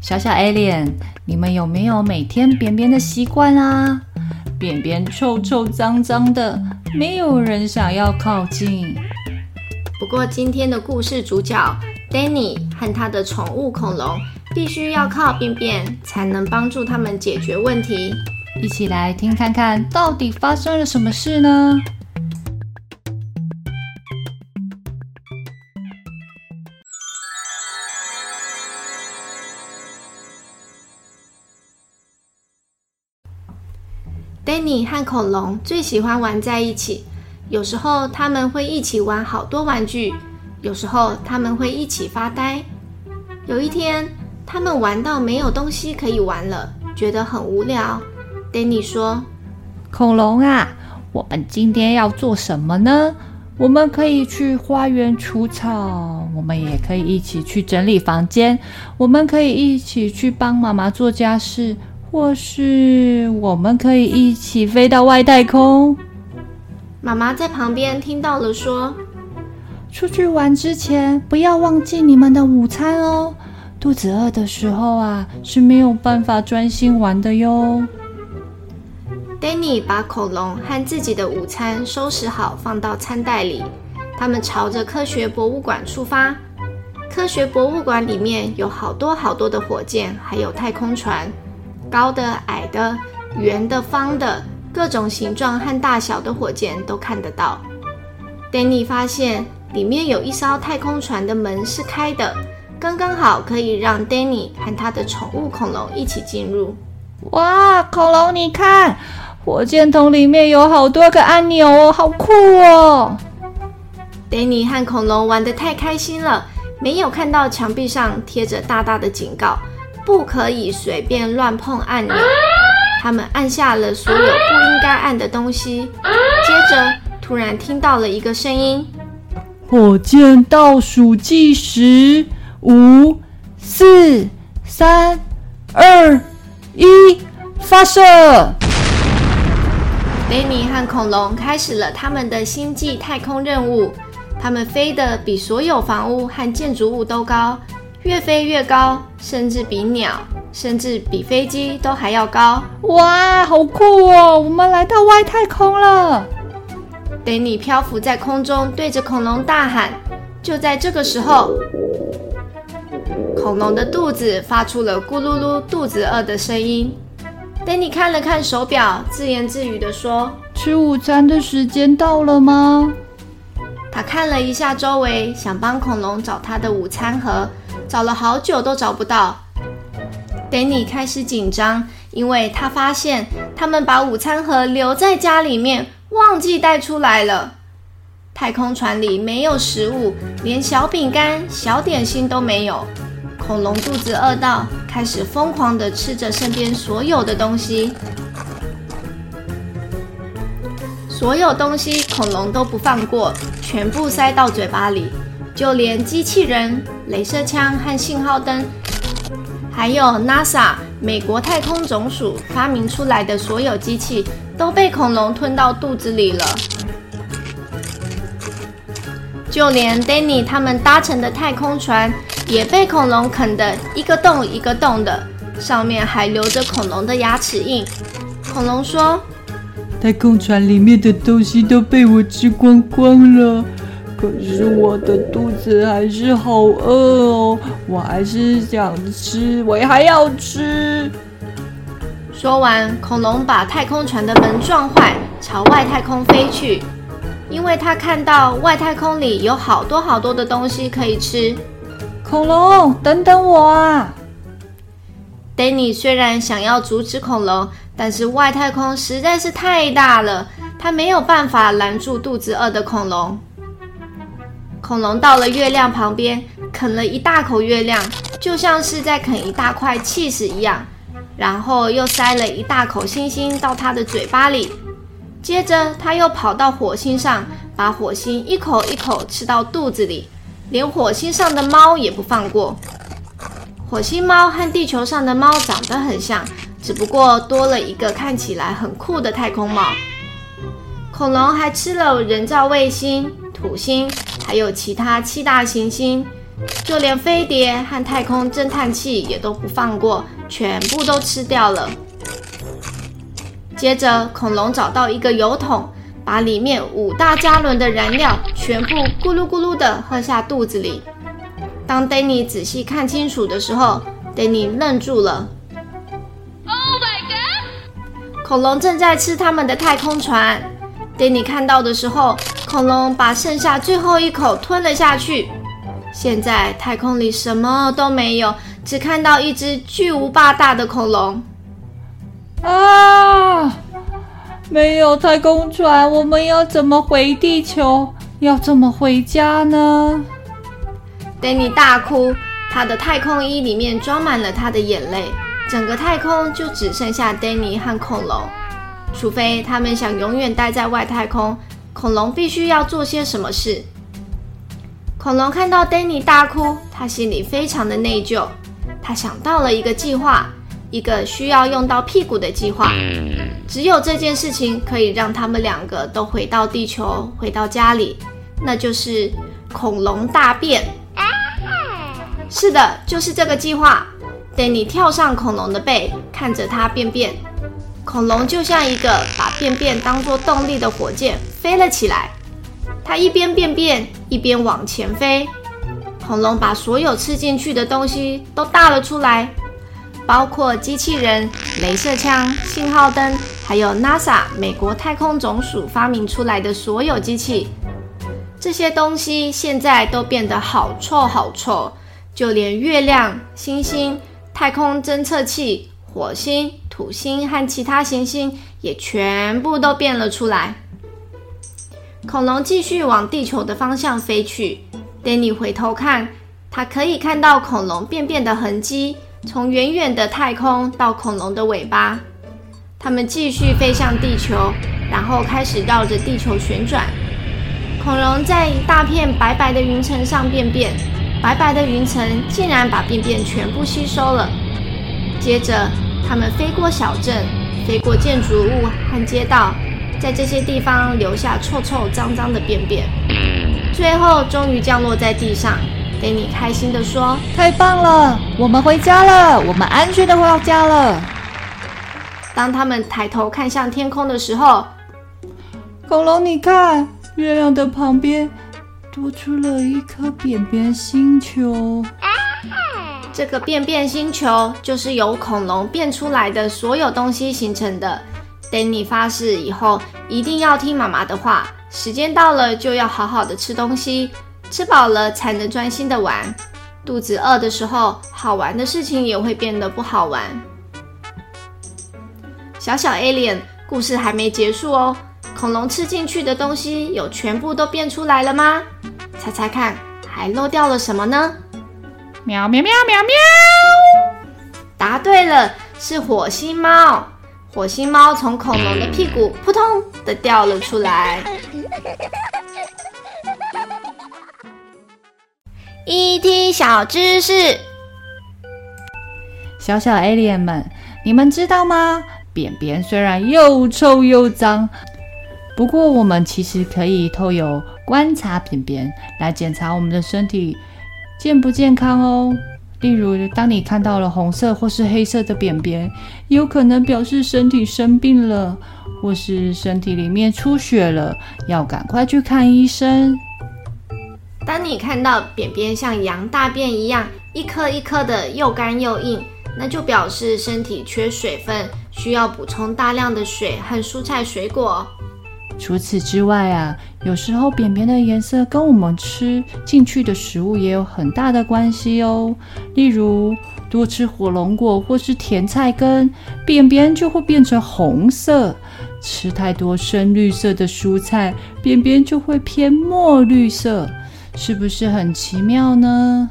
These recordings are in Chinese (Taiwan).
小小 Alien，你們有沒有每天便便的習慣啊？便便臭臭髒髒的，沒有人想要靠近。不過今天的故事主角 Danny 和他的寵物恐龍，必須要靠便便才能幫助他們解決問題。一起來聽看看到底發生了什麼事呢？Danny 和恐龍最喜歡玩在一起。有時候他們會一起玩好多玩具，有時候他們會一起發呆。有一天，他們玩到沒有東西可以玩了，覺得很無聊。Danny 說：“恐龍啊，我們今天要做什麼呢？我們可以去花園除草，我們也可以一起去整理房間，我們可以一起去幫媽媽做家事。”或是我們可以一起飛到外太空。媽媽在旁邊聽到了，說：“出去玩之前，不要忘記你們的午餐哦。肚子餓的時候啊，是沒有辦法專心玩的喲。” Danny 把恐龍和自己的午餐收拾好，放到餐袋裡。他們朝着科學博物館出發。科學博物館裡面有好多好多的火箭，還有太空船。高的、矮的、圓的、方的，各種形狀和大小的火箭都看得到。Danny 發現裡面有一艘太空船的門是開的，剛剛好可以讓 Danny 和他的寵物恐龍一起進入。哇，恐龍，你看，火箭筒裡面有好多個按鈕哦，好酷哦！Danny 和恐龍玩得太開心了，沒有看到牆壁上貼着大大的警告。不可以隨便亂碰按鈕。他們按下了所有不應該按的東西，接着突然聽到了一個聲音：“火箭倒數計時，五、四、三、二、一，發射！”雷尼和恐龍開始了他們的星際太空任務，他們飛得比所有房屋和建築物都高。越飛越高，甚至比鳥，甚至比飛機都還要高！哇，好酷哦！我們來到外太空了。Denny 漂浮在空中，對着恐龍大喊。就在這個時候，恐龍的肚子發出了咕嚕嚕嚕、肚子餓的聲音。Denny 看了看手表，自言自語地說：“吃午餐的時間到了嗎？”他看了一下周圍，想幫恐龍找他的午餐盒。找了好久都找不到，丹尼開始緊張，因為他發現他們把午餐盒留在家裡面，忘記帶出來了。太空船裡沒有食物，連小餅乾、小點心都沒有。恐龍肚子餓到，開始瘋狂的吃着身邊所有的東西，所有東西恐龍都不放過，全部塞到嘴巴裡。就連機器人、雷射槍和信號燈，還有 NASA 美國太空總署發明出來的所有機器，都被恐龍吞到肚子裡了。就連 Danny 他們搭乘的太空船，也被恐龍啃得一個洞一個洞的，上面還留着恐龍的牙齒印。恐龍說：“太空船裡面的東西都被我吃光光了。”可是我的肚子還是好餓哦，我還是想吃，我也還要吃。說完，恐龍把太空船的門撞壞，朝外太空飛去，因為他看到外太空裡有好多好多的東西可以吃。恐龍，等等我啊！Danny 雖然想要阻止恐龍，但是外太空實在是太大了，他沒有辦法攔住肚子餓的恐龍。恐龍到了月亮旁邊，啃了一大口月亮，就像是在啃一大塊起司一樣。然後又塞了一大口星星到它的嘴巴裡。接着，它又跑到火星上，把火星一口一口吃到肚子裡，連火星上的貓也不放過。火星貓和地球上的貓長得很像，只不過多了一個看起來很酷的太空帽。恐龍還吃了人造衛星。土星，還有其他七大行星，就連飛碟和太空偵探器也都不放過，全部都吃掉了。接着，恐龍找到一個油桶，把裡面五大加侖的燃料全部咕嚕咕嚕的喝下肚子裡。當丹尼仔細看清楚的時候，丹尼愣住了。Oh my god！恐龍正在吃他們的太空船。丹尼看到的時候。恐龍把剩下最後一口吞了下去。現在太空裡什麼都沒有，只看到一隻巨無霸大的恐龍。啊！沒有太空船，我們要怎麼回地球？要怎麼回家呢？丹尼大哭，他的太空衣裡面裝滿了他的眼淚。整個太空就只剩下丹尼和恐龍，除非他們想永遠待在外太空。恐龍必須要做些什麼事？恐龍看到 Danny 大哭，他心裡非常的內疚。他想到了一個計劃，一個需要用到屁股的計劃。只有這件事情可以讓他們兩個都回到地球，回到家裡。那就是恐龍大便。是的，就是這個計劃。Danny 跳上恐龍的背，看着它便便。恐龍就像一個把便便當作動力的火箭。飛了起來，它一邊便便，一邊往前飛。恐龍把所有吃進去的東西都大了出來，包括機器人、鐳射槍、信號燈，還有 NASA 美國太空總署發明出來的所有機器。這些東西現在都變得好臭好臭，就連月亮、星星、太空偵測器、火星、土星和其他行星也全部都變了出來。恐龍繼續往地球的方向飛去。Danny 回頭看，他可以看到恐龍便便的痕跡，從遠遠的太空到恐龍的尾巴。它們繼續飛向地球，然後開始繞着地球旋轉。恐龍在一大片白白的雲層上便便，白白的雲層竟然把便便全部吸收了。接着，它們飛過小鎮，飛過建築物和街道。在這些地方留下臭臭髒脏的便便，最後終於降落在地上，丹尼開心的說：“太棒了，我們回家了，我們安全的回到家了。”當他們抬頭看向天空的時候，恐龍，你看，月亮的旁邊多出了一顆便便星球。嗯，這個便便星球就是由恐龍變出來的所有東西形成的。等你發誓以後一定要聽媽媽的話，時間到了就要好好的吃東西，吃飽了才能專心的玩。肚子餓的時候，好玩的事情也會變得不好玩。小小 Alien 故事還沒結束哦，恐龍吃進去的東西有全部都變出來了嗎？猜猜看，還漏掉了什麼呢？喵喵喵喵喵，喵！答對了，是火星貓。火星貓從恐龍的屁股撲通的掉了出來。ET 小知識：小小 Alien 們，你們知道嗎？便便雖然又臭又髒，不過我們其實可以透過觀察便便來檢查我們的身體健不健康哦。例如，當你看到了紅色或是黑色的便便，有可能表示身體生病了，或是身體裡面出血了，要趕快去看醫生。當你看到便便像羊大便一樣，一顆一顆的又乾又硬，那就表示身體缺水分，需要補充大量的水和蔬菜水果。除此之外啊，有時候便便的顏色跟我們吃進去的食物也有很大的關係哦。例如，多吃火龍果或是甜菜根，便便就會變成紅色；吃太多深綠色的蔬菜，便便就會偏墨綠色。是不是很奇妙呢？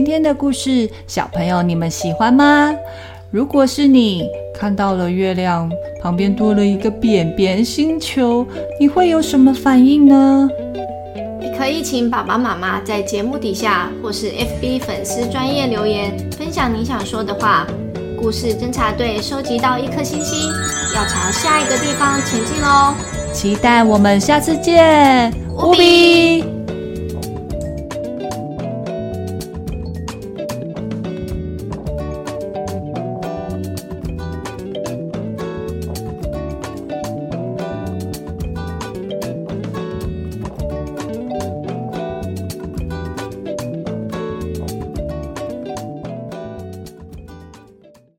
今天的故事，小朋友你們喜歡嗎？如果是你看到了月亮旁邊多了一個扁扁星球，你會有什麼反應呢？你可以請爸爸媽媽在節目底下或是 FB 粉絲專頁留言分享你想說的話。故事偵察隊收集到一顆星星，要朝下一個地方前進哦！期待我們下次見，烏比。烏比。